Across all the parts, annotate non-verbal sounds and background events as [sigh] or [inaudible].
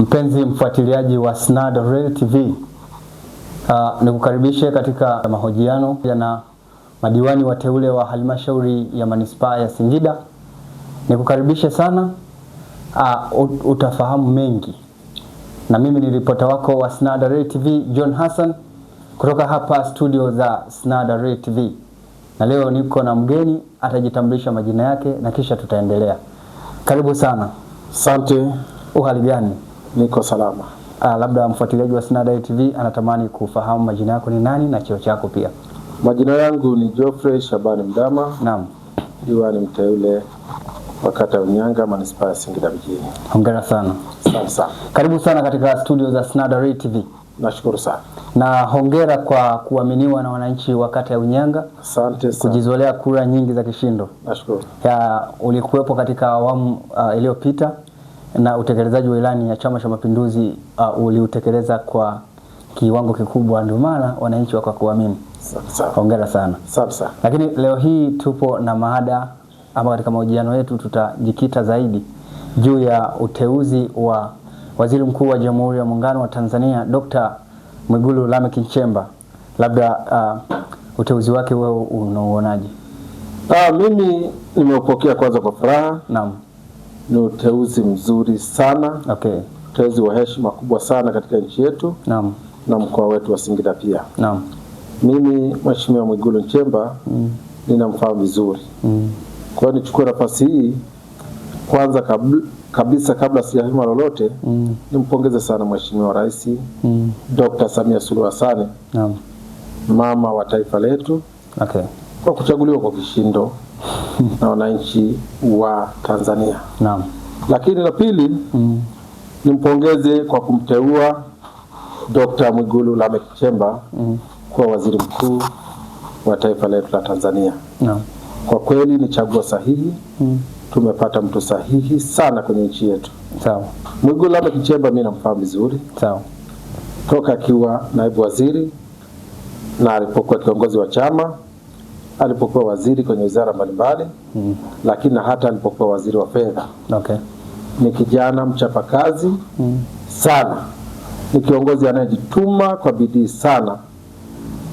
Mpenzi mfuatiliaji wa Snad Real TV, uh, ah, nikukaribishe katika mahojiano na madiwani wateule wa halmashauri ya manispaa ya Singida. Nikukaribishe sana uh, utafahamu mengi, na mimi ni ripota wako wa Snad Real TV John Hassan kutoka hapa studio za Snad Real TV, na leo niko na mgeni atajitambulisha majina yake na kisha tutaendelea. Karibu sana. Asante. Uhali gani? Niko salama. Uh, labda mfuatiliaji wa Sinada TV anatamani kufahamu majina yako ni nani na cheo chako pia. Majina yangu ni Geoffrey Shabani Mdama. Naam. Diwani mteule wa kata ya Unyanga manispaa ya Singida mjini. Hongera sana. Asante sana. Karibu sana katika studio za Sinada TV. Nashukuru sana na hongera kwa kuaminiwa na wananchi wa kata ya Unyanga. Asante sana. Kujizolea kura nyingi za kishindo. Nashukuru. Ya ulikuwepo katika awamu uh, iliyopita na utekelezaji wa ilani ya Chama cha Mapinduzi uh, uliutekeleza kwa kiwango kikubwa, ndio maana wananchi wakakuamini. Hongera sana Sabsa. Lakini leo hii tupo na maada ama katika mahojiano yetu tutajikita zaidi juu ya uteuzi wa Waziri Mkuu wa Jamhuri ya Muungano wa Tanzania Dr. Mwigulu Lameck Nchemba, labda uh, uteuzi wake wewe unauonaje? Ah, mimi nimeupokea kwanza kwa furaha. Naam ni uteuzi mzuri sana okay. Uteuzi wa heshima kubwa sana katika nchi yetu Naam. na mkoa wetu wa Singida pia Naam. Mimi Mheshimiwa Mwigulu Nchemba mm. ninamfahamu vizuri mm. kwa hiyo nichukue nafasi hii kwanza kabl, kabisa kabla sijasema lolote mm. nimpongeze sana Mheshimiwa Rais mm. Dr. Samia Suluhu Hassan mama wa taifa letu okay. kwa kuchaguliwa kwa kishindo na wananchi wa Tanzania. Naam. Lakini la pili mm. nimpongeze kwa kumteua Dr. Mwigulu Lameck Nchemba mm. kuwa waziri mkuu wa taifa letu la Tanzania. Naam. Kwa kweli ni chaguo sahihi mm. tumepata mtu sahihi sana kwenye nchi yetu. Sawa. Mwigulu Lameck Nchemba mimi namfahamu vizuri. Sawa. Toka akiwa naibu waziri na alipokuwa kiongozi wa chama alipokuwa waziri kwenye wizara mbalimbali mm. lakini na hata alipokuwa waziri wa fedha okay. Ni kijana mchapakazi mm. sana, ni kiongozi anayejituma kwa bidii sana.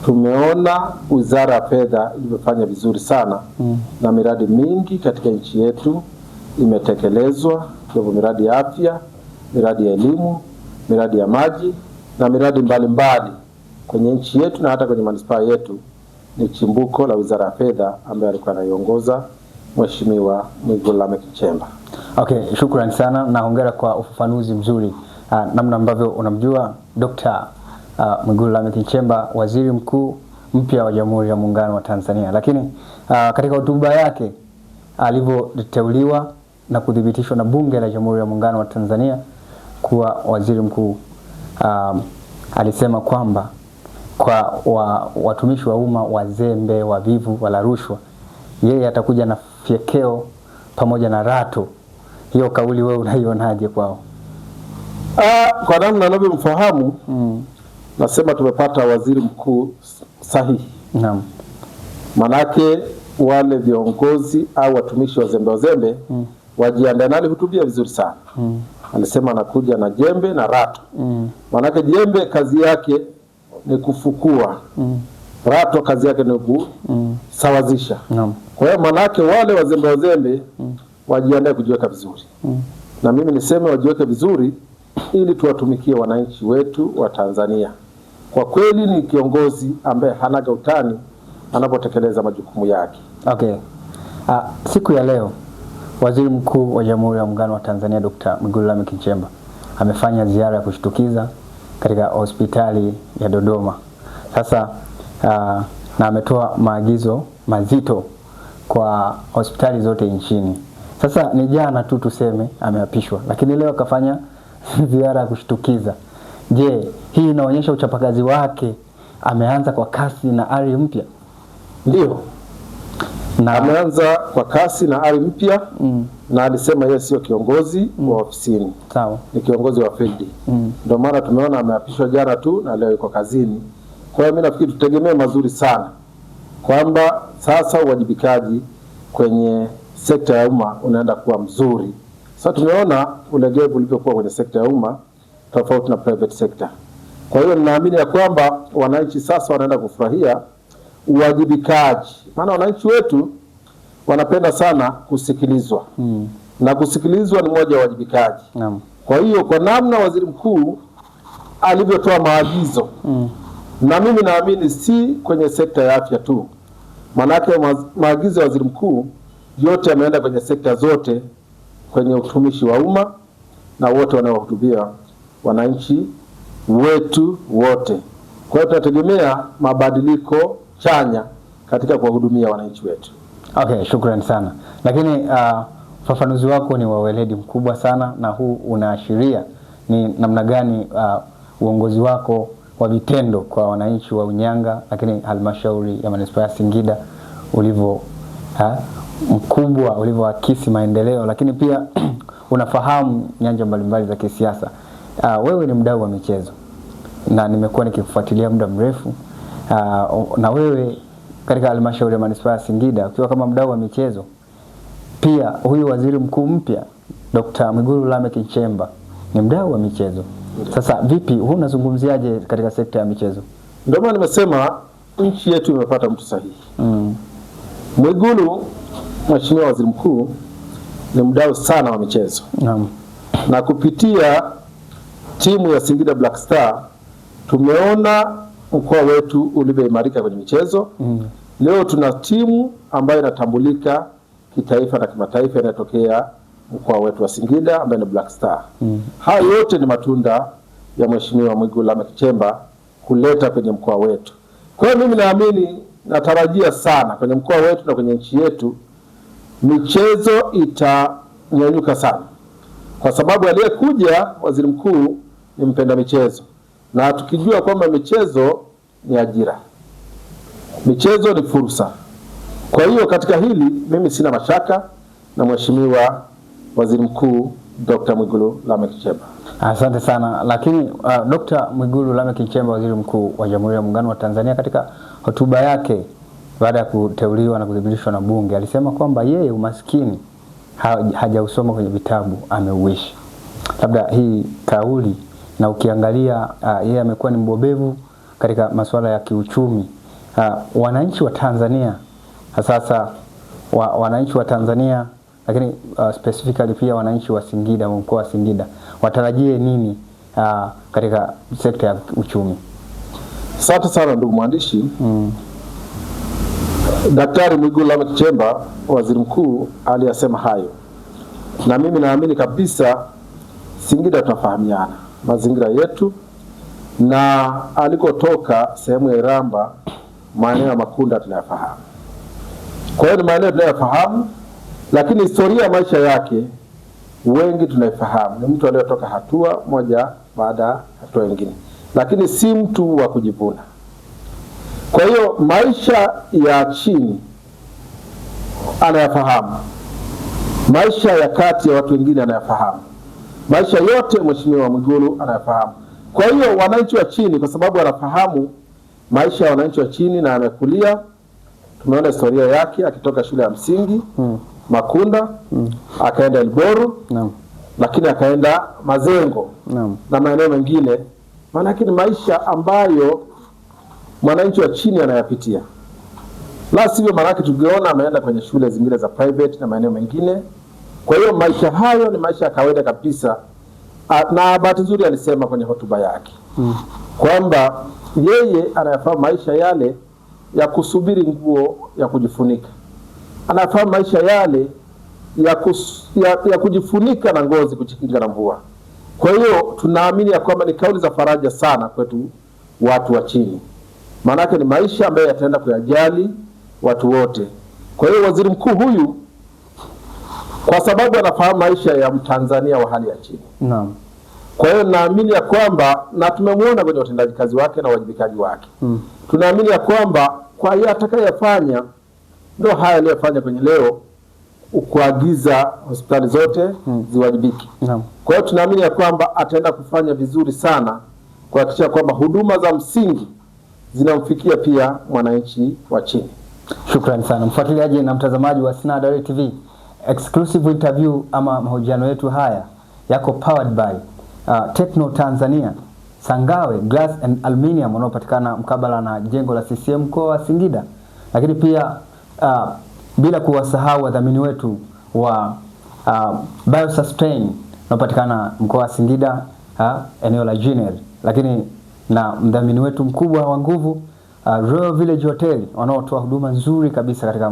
Tumeona wizara ya fedha ilivyofanya vizuri sana mm. na miradi mingi katika nchi yetu imetekelezwa, ikiwemo miradi ya afya, miradi ya elimu, miradi ya maji na miradi mbalimbali mbali kwenye nchi yetu na hata kwenye manispaa yetu ni chimbuko la wizara ya fedha ambayo alikuwa anaiongoza Mheshimiwa Mwigulu Lameck Nchemba. Okay, shukrani sana na hongera kwa ufafanuzi mzuri uh, namna ambavyo unamjua Dr. uh, ah, Mwigulu Lameck Nchemba, waziri mkuu mpya wa Jamhuri ya Muungano wa Tanzania. Lakini uh, katika hotuba yake alivyoteuliwa na kuthibitishwa na Bunge la Jamhuri ya Muungano wa Tanzania kuwa waziri mkuu um, alisema kwamba kwa wa, watumishi wa umma wazembe, wavivu, wala rushwa, yeye atakuja na fyekeo pamoja na rato. Hiyo kauli wewe unaionaje kwao? Ah, kwa namna anavyomfahamu mm. Nasema tumepata waziri mkuu sahihi. Naam, manake wale viongozi au watumishi wazembe wazembe mm. wajiandae. Nalihutubia vizuri sana mm. Alisema anakuja na jembe na rato mm. Manake jembe kazi yake ni kufukua mm. RATWA kazi yake ni kusawazisha mm. Kwa hiyo maanake wale wazembe wazembe mm. wajiandae kujiweka vizuri mm. na mimi niseme wajiweke vizuri ili tuwatumikie wananchi wetu wa Tanzania. Kwa kweli ni kiongozi ambaye hanaga utani anapotekeleza majukumu yake. Okay. Ah, siku ya leo Waziri Mkuu wa Jamhuri ya Muungano wa Tanzania Dr. Mwigulu Lameck Nchemba amefanya ziara ya kushtukiza katika hospitali ya Dodoma. Sasa uh, na ametoa maagizo mazito kwa hospitali zote nchini. Sasa ni jana tu tuseme ameapishwa, lakini leo akafanya [laughs] ziara ya kushtukiza. Je, hii inaonyesha uchapakazi wake? Ameanza kwa kasi na ari mpya. Ndio, na ameanza kwa kasi na ari mpya mm na alisema yeye sio kiongozi mm. wa ofisini Sawa. ni kiongozi wa field mm. ndio maana tumeona ameapishwa jana tu na leo yuko kazini. Kwa hiyo mimi nafikiri tutegemee mazuri sana kwamba sasa uwajibikaji kwenye sekta ya umma unaenda kuwa mzuri. Sasa tumeona ulegevu ulivyokuwa kwenye sekta ya umma tofauti na private sector. Kwa hiyo ninaamini ya kwamba wananchi sasa wanaenda kufurahia uwajibikaji, maana wananchi wetu wanapenda sana kusikilizwa mm. na kusikilizwa ni moja ya wajibikaji mm. Kwa hiyo kwa namna waziri mkuu alivyotoa maagizo mm. na mimi naamini si kwenye sekta ya afya tu, maanake maagizo ya waziri mkuu yote yameenda kwenye sekta zote, kwenye utumishi wa umma na wote wanaohutubia wananchi wetu wote. Kwa hiyo tunategemea mabadiliko chanya katika kuwahudumia wananchi wetu. Okay, shukrani sana lakini uh, ufafanuzi uh, wako ni wa weledi mkubwa sana na huu unaashiria ni namna gani uh, uongozi wako wa vitendo kwa wananchi wa Unyanga lakini halmashauri ya manispaa ya Singida ulivyo uh, mkubwa ulivyoakisi maendeleo, lakini pia [clears throat] unafahamu nyanja mbalimbali za kisiasa. Uh, wewe ni mdau wa michezo na nimekuwa nikikufuatilia muda mrefu uh, na wewe katika halmashauri ya manispaa ya Singida ukiwa kama mdau wa michezo. Pia huyu waziri mkuu mpya Dr. Mwigulu Lameck Nchemba ni mdau wa michezo. Sasa vipi, huu unazungumziaje katika sekta ya michezo? Ndio maana nimesema nchi yetu imepata mtu sahihi mm. Mwigulu, mheshimiwa waziri mkuu, ni mdau sana wa michezo mm. na kupitia timu ya Singida Black Star tumeona mkoa wetu ulivyoimarika kwenye michezo mm. Leo tuna timu ambayo inatambulika kitaifa na kimataifa inayotokea mkoa wetu wa Singida ambayo ni Black Star mm. Haya yote ni matunda ya Mheshimiwa Mwigulu Lameck Nchemba kuleta kwenye mkoa wetu. Kwa hiyo mimi naamini, natarajia sana kwenye mkoa wetu na kwenye nchi yetu michezo itanyanyuka sana, kwa sababu aliyekuja waziri mkuu ni mpenda michezo na tukijua kwamba michezo ni ajira, michezo ni fursa. Kwa hiyo katika hili mimi sina mashaka na Mheshimiwa Waziri Mkuu Dr. Mwigulu Lameck Nchemba. Asante sana. Lakini uh, Dr. Mwigulu Lameck Nchemba, Waziri Mkuu wa Jamhuri ya Muungano wa Tanzania, katika hotuba yake baada ya kuteuliwa na kudhibitishwa na Bunge alisema kwamba yeye umaskini hajausoma kwenye vitabu, ameuishi. Labda hii kauli na ukiangalia uh, yeye amekuwa ni mbobevu katika masuala ya kiuchumi uh, wananchi wa Tanzania sasa wa, wananchi wa Tanzania lakini uh, specifically pia wananchi wa Singida mkoa wa Singida watarajie nini uh, katika sekta ya uchumi? Asante sana ndugu mwandishi mm. Daktari Mwigulu Lameck Nchemba waziri mkuu aliyasema hayo, na mimi naamini kabisa Singida tunafahamiana mazingira yetu na alikotoka sehemu ya Iramba, maeneo ya Makunda tunayafahamu. Kwa hiyo ni maeneo tunayofahamu, lakini historia ya maisha yake wengi tunaifahamu. Ni mtu aliyotoka hatua moja baada ya hatua nyingine, lakini si mtu wa kujivuna. Kwa hiyo maisha ya chini anayafahamu, maisha ya kati ya watu wengine anayafahamu Maisha yote Mheshimiwa Mwigulu anayafahamu. Kwa hiyo wananchi wa chini, kwa sababu anafahamu maisha ya wananchi wa chini na amekulia, tumeona historia yake akitoka shule ya msingi hmm. Makunda hmm. akaenda elboru no. lakini akaenda Mazengo no. na maeneo mengine, maanake ni maisha ambayo mwananchi wa chini anayapitia, la sivyo maanake tungeona ameenda kwenye shule zingine za private na maeneo mengine kwa hiyo maisha hayo ni maisha ya kawaida kabisa, ah, na bahati nzuri alisema kwenye hotuba yake mm. kwamba yeye anayafahamu maisha yale ya kusubiri nguo ya kujifunika, anafahamu maisha yale ya, kus, ya, ya kujifunika na ngozi kujikinga na mvua. Kwa hiyo tunaamini ya kwamba ni kauli za faraja sana kwetu watu wa chini, maanake ni maisha ambayo yataenda kuyajali watu wote. Kwa hiyo waziri mkuu huyu kwa sababu anafahamu maisha ya Mtanzania wa hali ya chini. Naam. Kwa hiyo naamini ya kwamba na tumemwona kwenye utendaji kazi wake na uwajibikaji wake mm. Tunaamini ya kwamba kwa hiyo atakayefanya ndio haya aliyofanya kwenye leo kuagiza hospitali zote mm. ziwajibike naam. Kwa hiyo tunaamini ya kwamba ataenda kufanya vizuri sana kuhakikisha kwamba huduma za msingi zinamfikia pia mwananchi wa chini. Shukrani sana mfuatiliaji na mtazamaji wa Sinada TV exclusive interview ama mahojiano yetu haya yako powered by uh, Techno Tanzania Sangawe Glass and Aluminium wanaopatikana mkabala na jengo la CCM mkoa wa Singida, lakini pia uh, bila kuwasahau wadhamini wetu wa uh, Biosustain wanaopatikana mkoa wa Singida uh, eneo la Jiner, lakini na mdhamini wetu mkubwa wa nguvu uh, Royal Village Hotel wanaotoa huduma nzuri kabisa katika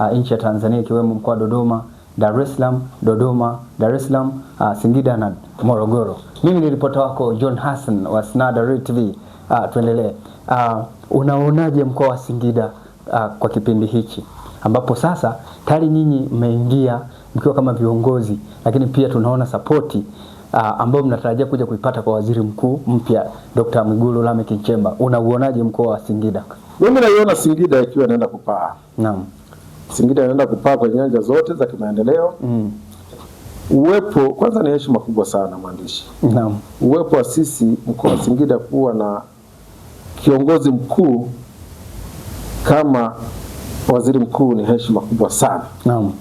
uh, nchi ya Tanzania ikiwemo mkoa wa Dodoma. Dar es Salaam, Dodoma, Dar es Salaam, uh, Singida na Morogoro. Mimi ni ripota wako John Hassan wa Snada Real TV. Uh, ah, tuendelee. Uh, unaonaje mkoa wa Singida uh, kwa kipindi hichi ambapo sasa tayari nyinyi mmeingia mkiwa kama viongozi, lakini pia tunaona sapoti uh, ambayo mnatarajia kuja kuipata kwa waziri mkuu mpya Dr. Mwigulu Lameck Nchemba. Unauonaje mkoa wa Singida? Mimi naiona Singida ikiwa inaenda kupaa. Naam. Singida inaenda kupaa kwenye nyanja zote za kimaendeleo mm. Uwepo kwanza ni heshima kubwa sana mwandishi mm. Uwepo wa sisi mkoa wa Singida kuwa na kiongozi mkuu kama waziri mkuu ni heshima kubwa sana naam.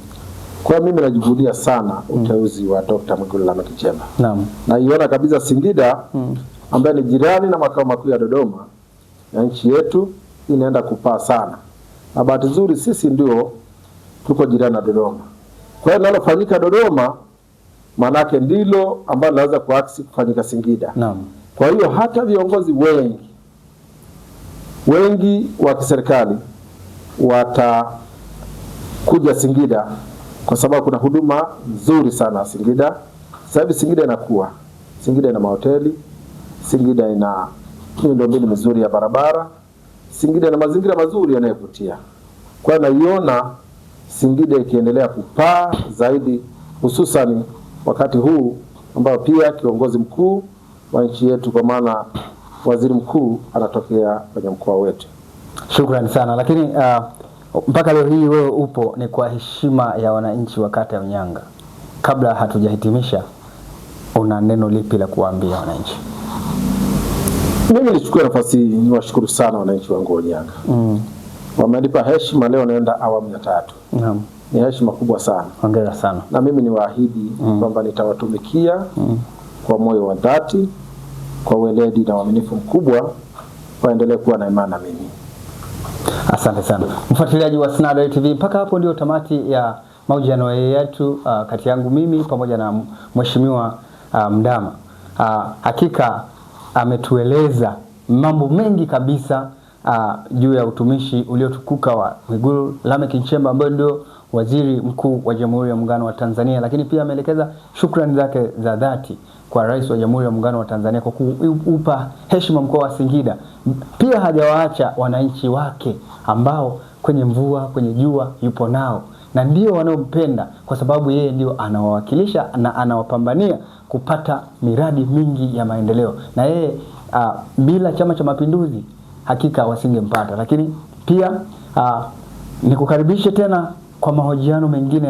Kwa mimi najivunia sana uteuzi mm. wa Dr. Mwigulu Lameck Nchemba naam, naiona kabisa Singida mm. ambaye ni jirani na makao makuu ya Dodoma ya nchi yetu inaenda kupaa sana na bahati nzuri sisi ndio tuko jirani na Dodoma. Kwa hiyo linalofanyika Dodoma maanake ndilo ambalo linaweza kuaksi kufanyika Singida. Naam. Kwa hiyo hata viongozi wengi wengi wa kiserikali watakuja Singida kwa sababu kuna huduma nzuri sana Singida. Sasa hivi Singida inakuwa, Singida ina mahoteli, Singida ina miundombinu mizuri ya barabara. Singida na mazingira mazuri yanayovutia. Kwa hiyo naiona Singida ikiendelea kupaa zaidi, hususani wakati huu ambao pia kiongozi mkuu wa nchi yetu kwa maana waziri mkuu anatokea kwenye mkoa wetu. Shukrani sana. Lakini uh, mpaka leo hii wewe upo ni kwa heshima ya wananchi wa kata ya Unyanga. Kabla hatujahitimisha, una neno lipi la kuwaambia wananchi? Mimi nichukue nafasi hii niwashukuru sana wananchi wangu wa Unyanga mm. wamenipa heshima leo, naenda awamu ya tatu mm. ni heshima kubwa sana. Hongera sana. Na mimi niwaahidi mm. kwamba nitawatumikia mm. kwa moyo wa dhati, kwa weledi na uaminifu mkubwa, waendelee kuwa na imani na mimi. Asante sana mfuatiliaji wa Snada TV, mpaka hapo ndio tamati ya mahojiano yetu uh, kati yangu mimi pamoja na mheshimiwa uh, Mdama. uh, hakika ametueleza mambo mengi kabisa uh, juu ya utumishi uliotukuka wa Mwigulu Lameck Nchemba ambaye ndio waziri mkuu wa Jamhuri ya Muungano wa Tanzania, lakini pia ameelekeza shukrani zake za dhati kwa Rais wa Jamhuri ya Muungano wa Tanzania kwa kuupa heshima mkoa wa Singida. Pia hajawaacha wananchi wake ambao kwenye mvua, kwenye jua yupo nao na ndio wanaompenda kwa sababu yeye ndio anawawakilisha na anawapambania kupata miradi mingi ya maendeleo, na yeye uh, bila Chama cha Mapinduzi hakika wasingempata. Lakini pia uh, nikukaribishe tena kwa mahojiano mengine.